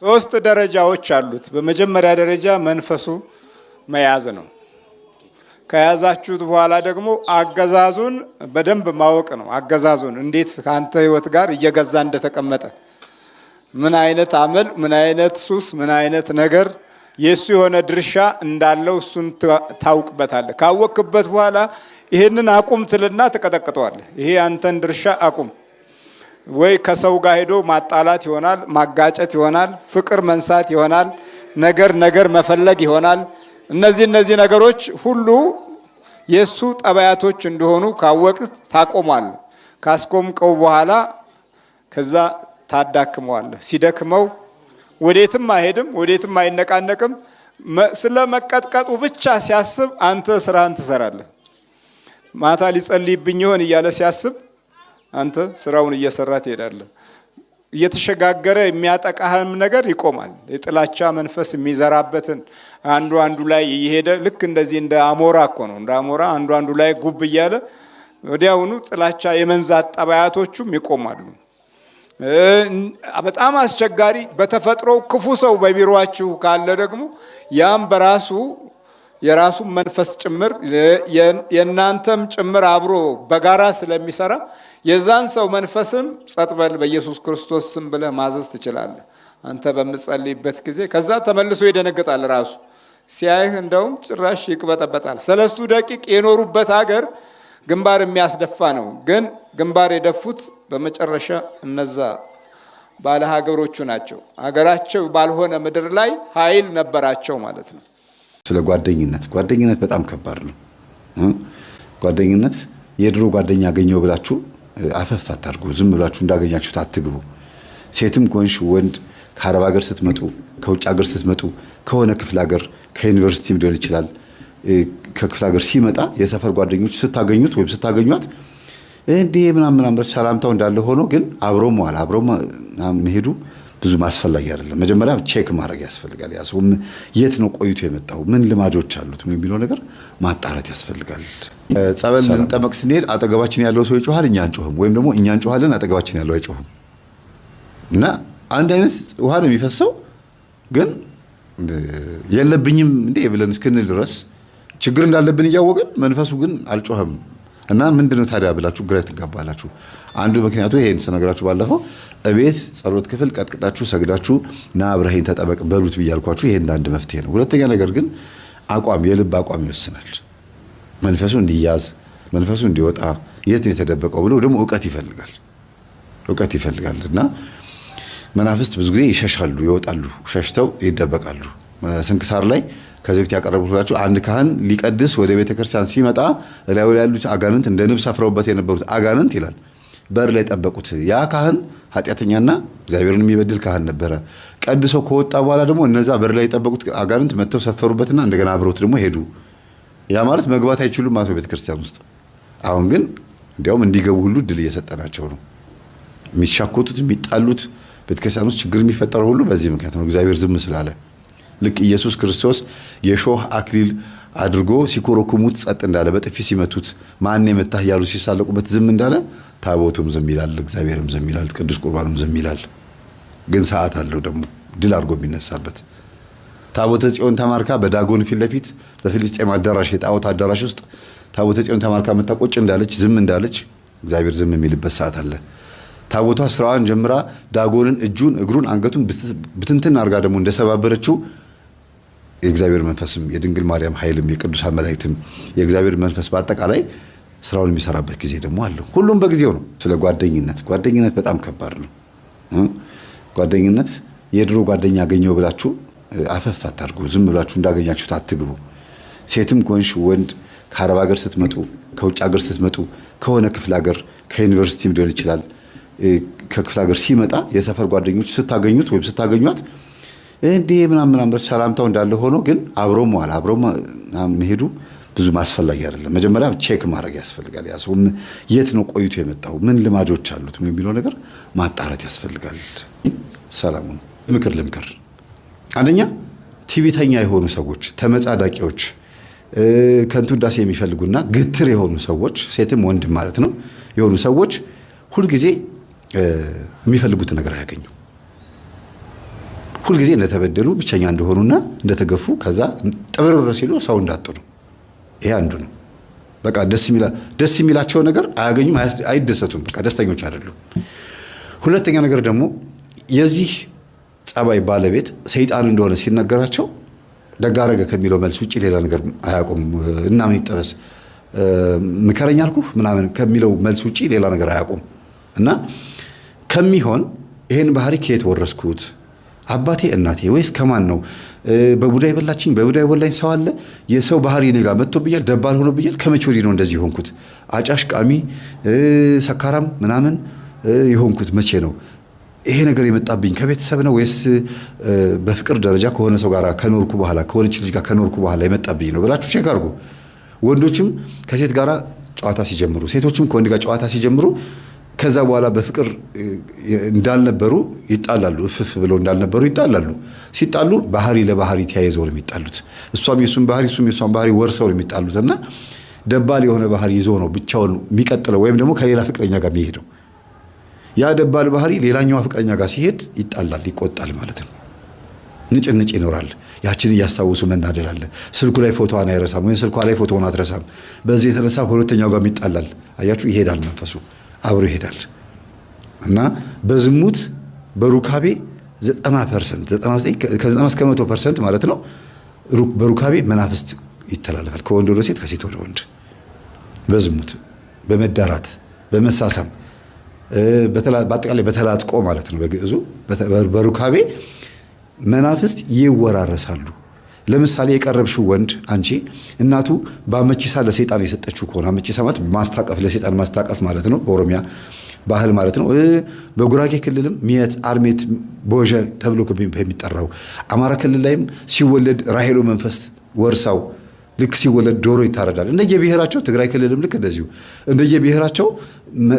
ሶስት ደረጃዎች አሉት። በመጀመሪያ ደረጃ መንፈሱ መያዝ ነው። ከያዛችሁት በኋላ ደግሞ አገዛዙን በደንብ ማወቅ ነው። አገዛዙን እንዴት ከአንተ ህይወት ጋር እየገዛ እንደተቀመጠ ምን አይነት አመል፣ ምን አይነት ሱስ፣ ምን አይነት ነገር የእሱ የሆነ ድርሻ እንዳለው እሱን ታውቅበታለህ። ካወቅክበት በኋላ ይህንን አቁም ትልና ትቀጠቅጠዋለህ። ይሄ አንተን ድርሻ አቁም ወይ ከሰው ጋር ሄዶ ማጣላት ይሆናል፣ ማጋጨት ይሆናል፣ ፍቅር መንሳት ይሆናል፣ ነገር ነገር መፈለግ ይሆናል። እነዚህ እነዚህ ነገሮች ሁሉ የእሱ ጠባያቶች እንደሆኑ ካወቅ ታቆሟል። ካስቆምቀው በኋላ ከዛ ታዳክመዋለ። ሲደክመው ወዴትም አይሄድም፣ ወዴትም አይነቃነቅም። ስለ መቀጥቀጡ ብቻ ሲያስብ አንተ ስራህን ትሰራለህ። ማታ ሊጸልይብኝ ይሆን እያለ ሲያስብ አንተ ስራውን እየሰራ ትሄዳለህ። እየተሸጋገረ የሚያጠቃህም ነገር ይቆማል። የጥላቻ መንፈስ የሚዘራበትን አንዱ አንዱ ላይ እየሄደ ልክ እንደዚህ እንደ አሞራ እኮ ነው። እንደ አሞራ አንዱ አንዱ ላይ ጉብ እያለ ወዲያውኑ ጥላቻ የመንዛት ጠባያቶቹም ይቆማሉ። በጣም አስቸጋሪ በተፈጥሮ ክፉ ሰው በቢሮችሁ ካለ ደግሞ ያም በራሱ የራሱ መንፈስ ጭምር የእናንተም ጭምር አብሮ በጋራ ስለሚሰራ የዛን ሰው መንፈስም ጸጥበል በኢየሱስ ክርስቶስ ስም ብለህ ማዘዝ ትችላለህ። አንተ በምጸልይበት ጊዜ ከዛ ተመልሶ ይደነግጣል። ራሱ ሲያይህ እንደውም ጭራሽ ይቅበጠበጣል። ሰለስቱ ደቂቅ የኖሩበት አገር ግንባር የሚያስደፋ ነው። ግን ግንባር የደፉት በመጨረሻ እነዛ ባለ ሀገሮቹ ናቸው። ሀገራቸው ባልሆነ ምድር ላይ ኃይል ነበራቸው ማለት ነው። ስለ ጓደኝነት ጓደኝነት በጣም ከባድ ነው። ጓደኝነት የድሮ ጓደኛ አገኘው ብላችሁ አፈፍ አታርጉ። ዝም ብላችሁ እንዳገኛችሁት አትግቡ። ሴትም ከሆንሽ ወንድ ከአረብ ሀገር ስትመጡ፣ ከውጭ ሀገር ስትመጡ፣ ከሆነ ክፍለ ሀገር ከዩኒቨርሲቲም ሊሆን ይችላል ከክፍለ ሀገር ሲመጣ የሰፈር ጓደኞች ስታገኙት ወይም ስታገኟት እንዲህ ምናምን ምናምን ሰላምታው እንዳለ ሆኖ ግን አብሮ መዋል አብሮ መሄዱ ብዙም አስፈላጊ አይደለም። መጀመሪያ ቼክ ማድረግ ያስፈልጋል። ያ ሰው የት ነው ቆይቶ የመጣው፣ ምን ልማዶች አሉት የሚለው ነገር ማጣራት ያስፈልጋል። ጸበል ልንጠመቅ ስንሄድ አጠገባችን ያለው ሰው ይጮሃል፣ እኛ አንጮህም፣ ወይም ደግሞ እኛ እንጮሃለን፣ አጠገባችን ያለው አይጮህም እና አንድ አይነት ውሃ ነው የሚፈሰው። ግን የለብኝም እንዴ ብለን እስክንል ድረስ ችግር እንዳለብን እያወቅን መንፈሱ ግን አልጮህም እና ምንድነው ታዲያ ብላችሁ ግራ ትጋባላችሁ። አንዱ ምክንያቱ ይሄን ስነግራችሁ ባለፈው እቤት ጸሎት ክፍል ቀጥቅጣችሁ ሰግዳችሁ ና አብረኸኝ ተጠበቅ በሉት ብያልኳችሁ። ይሄ አንድ መፍትሄ ነው። ሁለተኛ ነገር ግን አቋም፣ የልብ አቋም ይወስናል። መንፈሱ እንዲያዝ መንፈሱ እንዲወጣ የት ነው የተደበቀው ብሎ ደግሞ እውቀት ይፈልጋል እውቀት ይፈልጋል እና መናፍስት ብዙ ጊዜ ይሸሻሉ፣ ይወጣሉ፣ ሸሽተው ይደበቃሉ። ስንክሳር ላይ ከዚህ በፊት አንድ ካህን ሊቀድስ ወደ ቤተ ክርስቲያን ሲመጣ እላዩ ላይ ያሉት አጋንንት እንደ ንብ ሰፍረውበት የነበሩት አጋንንት ይላል በር ላይ ጠበቁት። ያ ካህን ኃጢአተኛና እግዚአብሔርን የሚበድል ካህን ነበረ። ቀድሶ ከወጣ በኋላ ደግሞ እነዛ በር ላይ የጠበቁት አጋንንት መጥተው ሰፈሩበትና እንደገና አብረውት ደግሞ ሄዱ። ያ ማለት መግባት አይችሉም ማለት ቤተክርስቲያን ውስጥ። አሁን ግን እንዲያውም እንዲገቡ ሁሉ ድል እየሰጠናቸው ነው። የሚሻኮቱት የሚጣሉት ቤተክርስቲያን ውስጥ ችግር የሚፈጠረው ሁሉ በዚህ ምክንያት ነው። እግዚአብሔር ዝም ስላለ ልክ ኢየሱስ ክርስቶስ የሾህ አክሊል አድርጎ ሲኮረኩሙት ጸጥ እንዳለ፣ በጥፊ ሲመቱት ማን የመታህ እያሉ ሲሳለቁበት ዝም እንዳለ ታቦቱም ዝም ይላል፣ እግዚአብሔርም ዝም ይላል፣ ቅዱስ ቁርባኑም ዝም ይላል። ግን ሰዓት አለው ደግሞ ድል አድርጎ የሚነሳበት ታቦተ ጽዮን ተማርካ በዳጎን ፊት ለፊት በፊልስጤም አዳራሽ የጣዖት አዳራሽ ውስጥ ታቦተ ጽዮን ተማርካ መታ ቁጭ እንዳለች ዝም እንዳለች እግዚአብሔር ዝም የሚልበት ሰዓት አለ። ታቦቷ ስራዋን ጀምራ ዳጎንን እጁን እግሩን አንገቱን ብትንትን አርጋ ደግሞ እንደሰባበረችው የእግዚአብሔር መንፈስም የድንግል ማርያም ኃይልም የቅዱሳን መላእክትም የእግዚአብሔር መንፈስ በአጠቃላይ ስራውን የሚሰራበት ጊዜ ደግሞ አለው። ሁሉም በጊዜው ነው። ስለ ጓደኝነት ጓደኝነት በጣም ከባድ ነው። ጓደኝነት የድሮ ጓደኛ አገኘው ብላችሁ አፈፍ አታርጉ። ዝም ብላችሁ እንዳገኛችሁት አትግቡ። ሴትም ኮንሽ ወንድ ከአረብ ሀገር ስትመጡ፣ ከውጭ ሀገር ስትመጡ፣ ከሆነ ክፍለ ሀገር ከዩኒቨርሲቲም ሊሆን ይችላል ከክፍለ ሀገር ሲመጣ የሰፈር ጓደኞች ስታገኙት ወይም ስታገኟት እንዲህ ምናምን ምናምን ሰላምታው እንዳለ ሆኖ ግን አብሮ መዋል አብሮ መሄዱ ብዙ አስፈላጊ አይደለም። መጀመሪያ ቼክ ማድረግ ያስፈልጋል። ያ ሰው የት ነው ቆይቶ የመጣው፣ ምን ልማዶች አሉት የሚለው ነገር ማጣራት ያስፈልጋል። ሰላሙን ምክር ልምክር። አንደኛ ቲቪተኛ የሆኑ ሰዎች፣ ተመጻዳቂዎች፣ ከንቱ ዳሴ የሚፈልጉና ግትር የሆኑ ሰዎች፣ ሴትም ወንድም ማለት ነው የሆኑ ሰዎች ሁልጊዜ የሚፈልጉትን ነገር አያገኙ ሁልጊዜ እንደተበደሉ ብቸኛ እንደሆኑና እንደተገፉ ከዛ ጥብርብር ሲሉ ሰው እንዳጡ ነው። ይሄ አንዱ ነው። በቃ ደስ የሚላቸው ነገር አያገኙም፣ አይደሰቱም። በቃ ደስተኞች አይደሉም። ሁለተኛ ነገር ደግሞ የዚህ ጸባይ ባለቤት ሰይጣን እንደሆነ ሲነገራቸው ደጋረገ ከሚለው መልስ ውጭ ሌላ ነገር አያውቁም። እና ምን ይጠበስ ምከረኝ አልኩህ ምናምን ከሚለው መልስ ውጭ ሌላ ነገር አያውቁም እና ከሚሆን ይህን ባህሪ ከየት ወረስኩት አባቴ እናቴ ወይስ ከማን ነው? በቡዳ የበላችኝ በቡዳ የበላኝ ሰው አለ። የሰው ባህሪ እኔ ጋር መጥቶብኛል፣ ደባል ሆኖብኛል። ከመቼ ወዲህ ነው እንደዚህ የሆንኩት? አጫሽ፣ ቃሚ፣ ሰካራም ምናምን የሆንኩት መቼ ነው? ይሄ ነገር የመጣብኝ ከቤተሰብ ነው ወይስ በፍቅር ደረጃ ከሆነ ሰው ጋር ከኖርኩ በኋላ ከሆነች ልጅ ጋር ከኖርኩ በኋላ የመጣብኝ ነው ብላችሁ ቼክ አድርጉ። ወንዶችም ከሴት ጋር ጨዋታ ሲጀምሩ፣ ሴቶችም ከወንድ ጋር ጨዋታ ሲጀምሩ ከዛ በኋላ በፍቅር እንዳልነበሩ ይጣላሉ። እፍፍ ብለው እንዳልነበሩ ይጣላሉ። ሲጣሉ ባህሪ ለባህሪ ተያይዘው ነው የሚጣሉት። እሷም የሱን ባህሪ እሱም የሷን ባህሪ ወርሰው ነው የሚጣሉት እና ደባል የሆነ ባህሪ ይዞ ነው ብቻውን የሚቀጥለው ወይም ደግሞ ከሌላ ፍቅረኛ ጋር የሚሄደው። ያ ደባል ባህሪ ሌላኛዋ ፍቅረኛ ጋር ሲሄድ ይጣላል፣ ይቆጣል ማለት ነው። ንጭንጭ ይኖራል። ያችን እያስታወሱ መናደል አለ። ስልኩ ላይ ፎቶዋን አይረሳም ወይም ስልኳ ላይ ፎቶውን አትረሳም። በዚህ የተነሳ ሁለተኛው ጋር ይጣላል። አያችሁ፣ ይሄዳል መንፈሱ። አብሮ ይሄዳል እና በዝሙት በሩካቤ 90 ፐርሰንት እስከ ፐርሰንት ማለት ነው። በሩካቤ መናፍስት ይተላለፋል ከወንድ ወደ ሴት ከሴት ወደ ወንድ በዝሙት በመዳራት በመሳሳም በአጠቃላይ በተላጥቆ ማለት ነው በግዕዙ በሩካቤ መናፍስት ይወራረሳሉ። ለምሳሌ የቀረብሽው ወንድ አንቺ እናቱ በአመቺሳ ለሴጣን የሰጠችው ከሆነ አመቺሳ ማለት ማስታቀፍ ለሴጣን ማስታቀፍ ማለት ነው፣ በኦሮሚያ ባህል ማለት ነው። በጉራጌ ክልልም ሚየት አርሜት ቦዣ ተብሎ የሚጠራው አማራ ክልል ላይም ሲወለድ ራሄሎ መንፈስ ወርሳው ልክ ሲወለድ ዶሮ ይታረዳል። እንደየብሔራቸው ትግራይ ክልልም ልክ እንደዚሁ እንደየብሔራቸው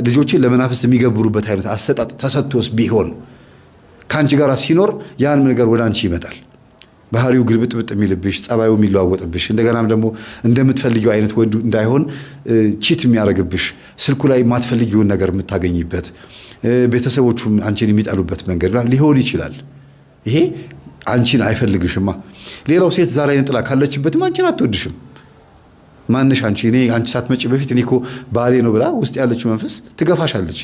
ልጆችን ለመናፍስት የሚገብሩበት አይነት አሰጣጥ ተሰጥቶስ ቢሆን ከአንቺ ጋር ሲኖር ያን ነገር ወደ አንቺ ይመጣል። ባህሪው ግልብጥብጥ የሚልብሽ ጸባዩ የሚለዋወጥብሽ እንደገናም ደግሞ እንደምትፈልጊው አይነት ወንድ እንዳይሆን ቺት የሚያደርግብሽ ስልኩ ላይ የማትፈልጊውን ነገር የምታገኝበት ቤተሰቦቹም አንቺን የሚጠሉበት መንገድ ሊሆን ይችላል። ይሄ አንቺን አይፈልግሽማ። ሌላው ሴት ዛሬ አይነት ጥላ ካለችበትም አንቺን አትወድሽም። ማንሽ አንቺ እኔ አንቺ ሳትመጪ በፊት እኔ እኮ ባሌ ነው ብላ ውስጥ ያለችው መንፈስ ትገፋሻለች።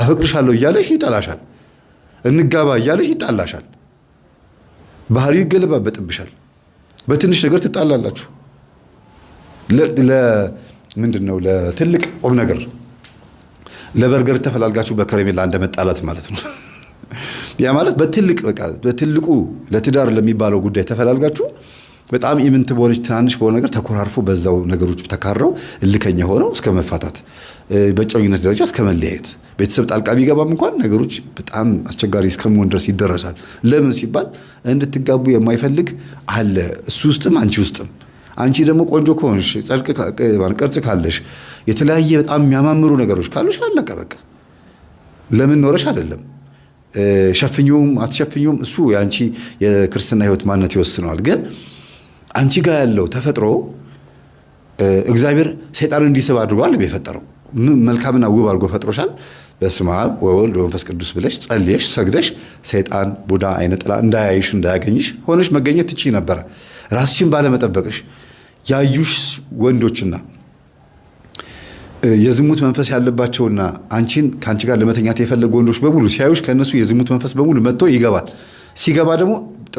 አፈቅርሻለሁ እያለሽ ይጠላሻል። እንጋባ እያለሽ ይጣላሻል። ባህሪ ይገለባበጥብሻል። በትንሽ ነገር ትጣላላችሁ። ምንድን ነው ለትልቅ ቁም ነገር ለበርገር ተፈላልጋችሁ በከረሜላ እንደመጣላት ማለት ነው። ያ ማለት በትልቅ በቃ በትልቁ ለትዳር ለሚባለው ጉዳይ ተፈላልጋችሁ በጣም ኢምንት በሆነች ትናንሽ በሆነ ነገር ተኮራርፎ በዛው ነገሮች ተካረው እልከኛ ሆነው እስከ መፋታት ደረጃ እስከ መለያየት ቤተሰብ ጣልቃ ቢገባም እንኳን ነገሮች በጣም አስቸጋሪ እስከመሆን ድረስ ይደረሳል። ለምን ሲባል እንድትጋቡ የማይፈልግ አለ፣ እሱ ውስጥም አንቺ ውስጥም። አንቺ ደግሞ ቆንጆ ከሆንሽ ቅርጽ ካለሽ የተለያየ በጣም የሚያማምሩ ነገሮች ካሉሽ አለቀ በቃ። ለምን ኖረሽ አይደለም ሸፍኙም አትሸፍኙም እሱ የአንቺ የክርስትና ህይወት ማንነት ይወስነዋል። ግን አንቺ ጋር ያለው ተፈጥሮ እግዚአብሔር ሰይጣን እንዲስብ አድርጓል የፈጠረው መልካምና ውብ አድርጎ ፈጥሮሻል። በስመ አብ ወወልድ ወመንፈስ ቅዱስ ብለሽ ጸልየሽ ሰግደሽ ሰይጣን ቡዳ አይነ ጥላ እንዳያይሽ እንዳያገኝሽ ሆነሽ መገኘት ትችይ ነበረ። ራስሽን ባለመጠበቅሽ ያዩሽ ወንዶችና የዝሙት መንፈስ ያለባቸውና አንቺን ከአንቺ ጋር ለመተኛት የፈለጉ ወንዶች በሙሉ ሲያዩሽ ከእነሱ የዝሙት መንፈስ በሙሉ መጥቶ ይገባል። ሲገባ ደግሞ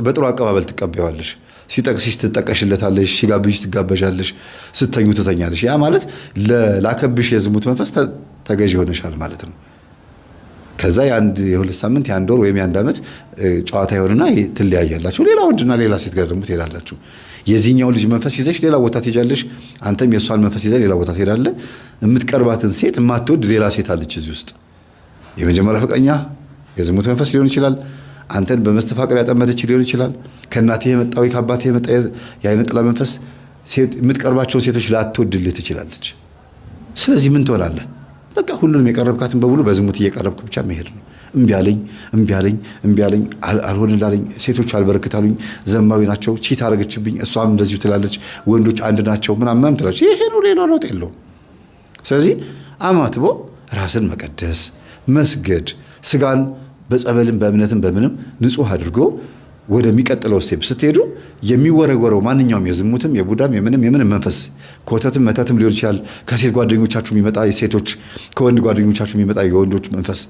በጥሩ አቀባበል ትቀበዋለሽ። ሲጠቅስሽ ትጠቀሽለታለሽ፣ ሲጋብዥሽ ትጋበዣለሽ፣ ስተኙ ትተኛለሽ። ያ ማለት ላከብሽ የዝሙት መንፈስ ተገዥ ሆነሻል ማለት ነው። ከዛ የአንድ የሁለት ሳምንት የአንድ ወር ወይም የአንድ ዓመት ጨዋታ ይሆንና ትለያያላችሁ። ሌላ ወንድና ሌላ ሴት ጋር ደግሞ ትሄዳላችሁ። የዚህኛው ልጅ መንፈስ ይዘሽ ሌላ ቦታ ትሄጃለሽ። አንተም የእሷን መንፈስ ይዘ ሌላ ቦታ ትሄዳለ። የምትቀርባትን ሴት የማትወድ ሌላ ሴት አለች እዚህ ውስጥ። የመጀመሪያ ፍቅረኛ የዝሙት መንፈስ ሊሆን ይችላል። አንተን በመስተፋቅር ያጠመደች ሊሆን ይችላል። ከእናቴ የመጣ ወይ የመጣ የአይነ ጥላ መንፈስ የምትቀርባቸውን ሴቶች ላትወድልህ ትችላለች። ስለዚህ ምን ትሆናለህ? በቃ ሁሉንም የቀረብካትን በሙሉ በዝሙት እየቀረብኩ ብቻ መሄድ ነው። እምቢ አለኝ፣ እምቢ አለኝ፣ እምቢ አለኝ፣ አልሆንላለኝ፣ ሴቶች አልበረክታሉኝ፣ ዘማዊ ናቸው፣ ቺት አረገችብኝ፣ እሷም እንደዚሁ ትላለች፣ ወንዶች አንድ ናቸው ምናምን ምናምን ትላለች። ይሄ ነው፣ ሌላ ለውጥ የለውም። ስለዚህ አማትቦ ራስን መቀደስ መስገድ ስጋን በጸበልም በእምነትም በምንም ንጹህ አድርጎ ወደሚቀጥለው ስቴፕ ስትሄዱ የሚወረወረው ማንኛውም የዝሙትም የቡዳም የምንም የምንም መንፈስ ኮተትም መተትም ሊሆን ይችላል። ከሴት ጓደኞቻችሁ የሚመጣ የሴቶች ከወንድ ጓደኞቻችሁ የሚመጣ የወንዶች መንፈስ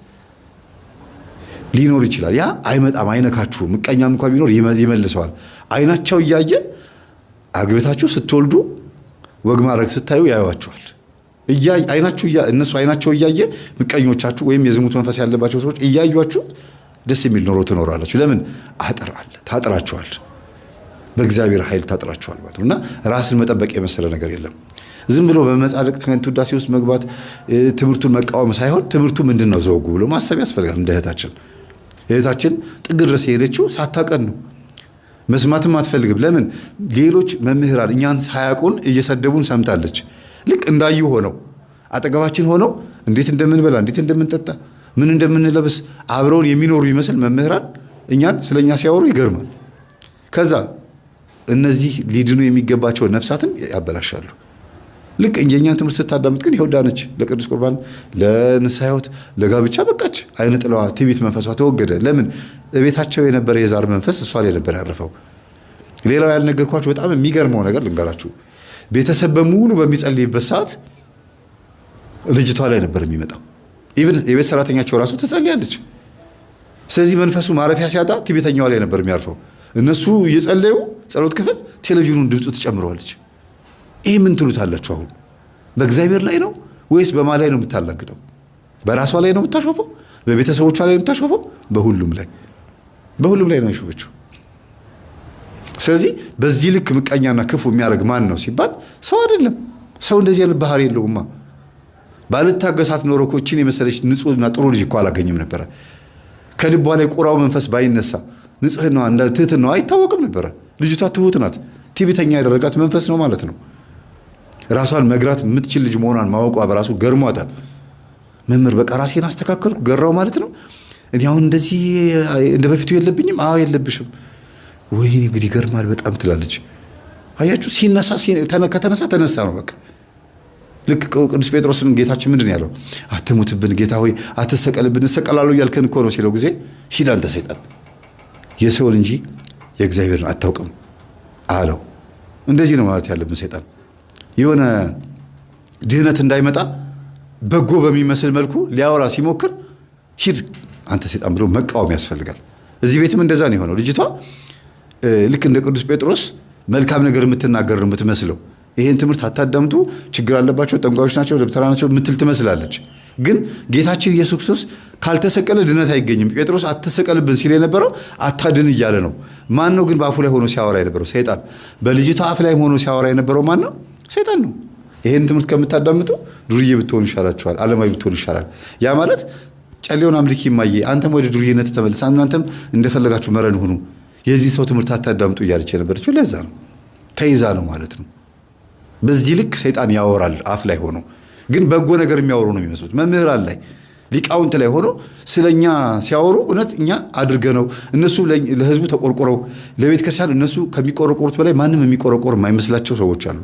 ሊኖር ይችላል። ያ አይመጣም፣ አይነካችሁ። ምቀኛም እንኳ ቢኖር ይመልሰዋል። አይናቸው እያየ አግብታችሁ ስትወልዱ ወግ ማድረግ ስታዩ ያዩዋቸዋል። እነሱ አይናቸው እያየ ምቀኞቻችሁ ወይም የዝሙት መንፈስ ያለባቸው ሰዎች እያዩችሁ ደስ የሚል ኑሮ ትኖራላችሁ። ለምን አጥር አለ፣ ታጥራችኋል። በእግዚአብሔር ኃይል ታጥራችኋል ማለት ነው እና ራስን መጠበቅ የመሰለ ነገር የለም። ዝም ብሎ በመጻደቅ ከንቱ ውዳሴ ውስጥ መግባት ትምህርቱን መቃወም ሳይሆን ትምህርቱ ምንድን ነው ዘወጉ ብሎ ማሰብ ያስፈልጋል። እንደ እህታችን እህታችን ጥግ ድረስ የሄደችው ሳታቀን ነው። መስማትም አትፈልግም። ለምን ሌሎች መምህራን እኛን ሳያቁን እየሰደቡን ሰምታለች። ልክ እንዳዩ ሆነው አጠገባችን ሆነው እንዴት እንደምንበላ እንዴት እንደምንጠጣ ምን እንደምንለብስ አብረውን የሚኖሩ ይመስል መምህራን እኛን ስለኛ ሲያወሩ ይገርማል። ከዛ እነዚህ ሊድኑ የሚገባቸውን ነፍሳትን ያበላሻሉ። ልክ የእኛን ትምህርት ስታዳምጥ ግን ይኸው ዳነች፣ ለቅዱስ ቁርባን፣ ለንስሐ ለጋብቻ በቃች። አይነ ጥለዋ ትዕቢት መንፈሷ ተወገደ። ለምን? ቤታቸው የነበረ የዛር መንፈስ እሷ ላይ ነበር ያረፈው። ሌላው ያልነገርኳችሁ በጣም የሚገርመው ነገር ልንገራችሁ። ቤተሰብ በሙሉ በሚጸልይበት ሰዓት ልጅቷ ላይ ነበር የሚመጣው ኢቭን የቤት ሰራተኛቸው ራሱ ትጸልያለች። ስለዚህ መንፈሱ ማረፊያ ሲያጣ ትቤተኛዋ ላይ ነበር የሚያርፈው። እነሱ እየጸለዩ ጸሎት ክፍል ቴሌቪዥኑን ድምፁ ትጨምረዋለች። ይህ ምን ትሉታላችሁ? አሁን በእግዚአብሔር ላይ ነው ወይስ በማ ላይ ነው የምታላግጠው? በራሷ ላይ ነው የምታሾፈው? በቤተሰቦቿ ላይ ነው የምታሾፈው? በሁሉም ላይ በሁሉም ላይ ነው የሾፈችው። ስለዚህ በዚህ ልክ ምቀኛና ክፉ የሚያደርግ ማን ነው ሲባል ሰው አይደለም። ሰው እንደዚህ አይነት ባህሪ የለውማ። ባልታገሳት ኖሮ እኮ እችን የመሰለች ንጹህና ጥሩ ልጅ እኮ አላገኝም ነበረ። ከልቧ ላይ ቁራው መንፈስ ባይነሳ ንጽህናዋ እንዳ ትህትናዋ አይታወቅም ነበረ። ልጅቷ ትሁት ናት። ትዕቢተኛ ያደረጋት መንፈስ ነው ማለት ነው። ራሷን መግራት የምትችል ልጅ መሆኗን ማወቋ በራሱ ገርሟታል። መምህር በቃ ራሴን አስተካከልኩ ገራው ማለት ነው። እኔ አሁን እንደዚህ እንደ በፊቱ የለብኝም። አዎ የለብሽም። ወይ እንግዲህ ይገርማል በጣም ትላለች። አያችሁ ሲነሳ ከተነሳ ተነሳ ነው በቃ ልክ ቅዱስ ጴጥሮስን ጌታችን ምንድን ያለው? አትሙትብን ጌታ ሆይ አትሰቀልብን፣ እሰቀላሉ እያልከን እኮ ነው ሲለው ጊዜ ሂድ አንተ ሰይጣን የሰውን እንጂ የእግዚአብሔርን አታውቅም አለው። እንደዚህ ነው ማለት ያለብን። ሰይጣን የሆነ ድህነት እንዳይመጣ በጎ በሚመስል መልኩ ሊያወራ ሲሞክር ሂድ አንተ ሰይጣን ብሎ መቃወም ያስፈልጋል። እዚህ ቤትም እንደዛ ነው የሆነው። ልጅቷ ልክ እንደ ቅዱስ ጴጥሮስ መልካም ነገር የምትናገር ነው የምትመስለው። ይህን ትምህርት አታዳምጡ፣ ችግር አለባቸው፣ ጠንቋዮች ናቸው፣ ደብተራ ናቸው የምትል ትመስላለች። ግን ጌታችን ኢየሱስ ክርስቶስ ካልተሰቀለ ድነት አይገኝም። ጴጥሮስ አትሰቀልብን ሲል የነበረው አታድን እያለ ነው። ማን ነው ግን በአፉ ላይ ሆኖ ሲያወራ የነበረው? ሰይጣን። በልጅቷ አፍ ላይ ሆኖ ሲያወራ የነበረው ማን ነው? ሰይጣን ነው። ይህን ትምህርት ከምታዳምጡ ዱርዬ ብትሆን ይሻላችኋል፣ አለማዊ ብትሆን ይሻላል። ያ ማለት ጨሌውን አምልኪ ማየ፣ አንተም ወደ ዱርዬነት ተመልስ፣ እናንተም እንደፈለጋችሁ መረን ሁኑ፣ የዚህ ሰው ትምህርት አታዳምጡ እያለች የነበረችው ለዛ ነው፣ ተይዛ ነው ማለት ነው። በዚህ ልክ ሰይጣን ያወራል። አፍ ላይ ሆኖ ግን በጎ ነገር የሚያወሩ ነው የሚመስሉት። መምህራን ላይ ሊቃውንት ላይ ሆኖ ስለኛ ሲያወሩ እውነት እኛ አድርገ ነው እነሱ ለህዝቡ ተቆርቆረው ለቤተክርስቲያን እነሱ ከሚቆረቆሩት በላይ ማንም የሚቆረቆር የማይመስላቸው ሰዎች አሉ።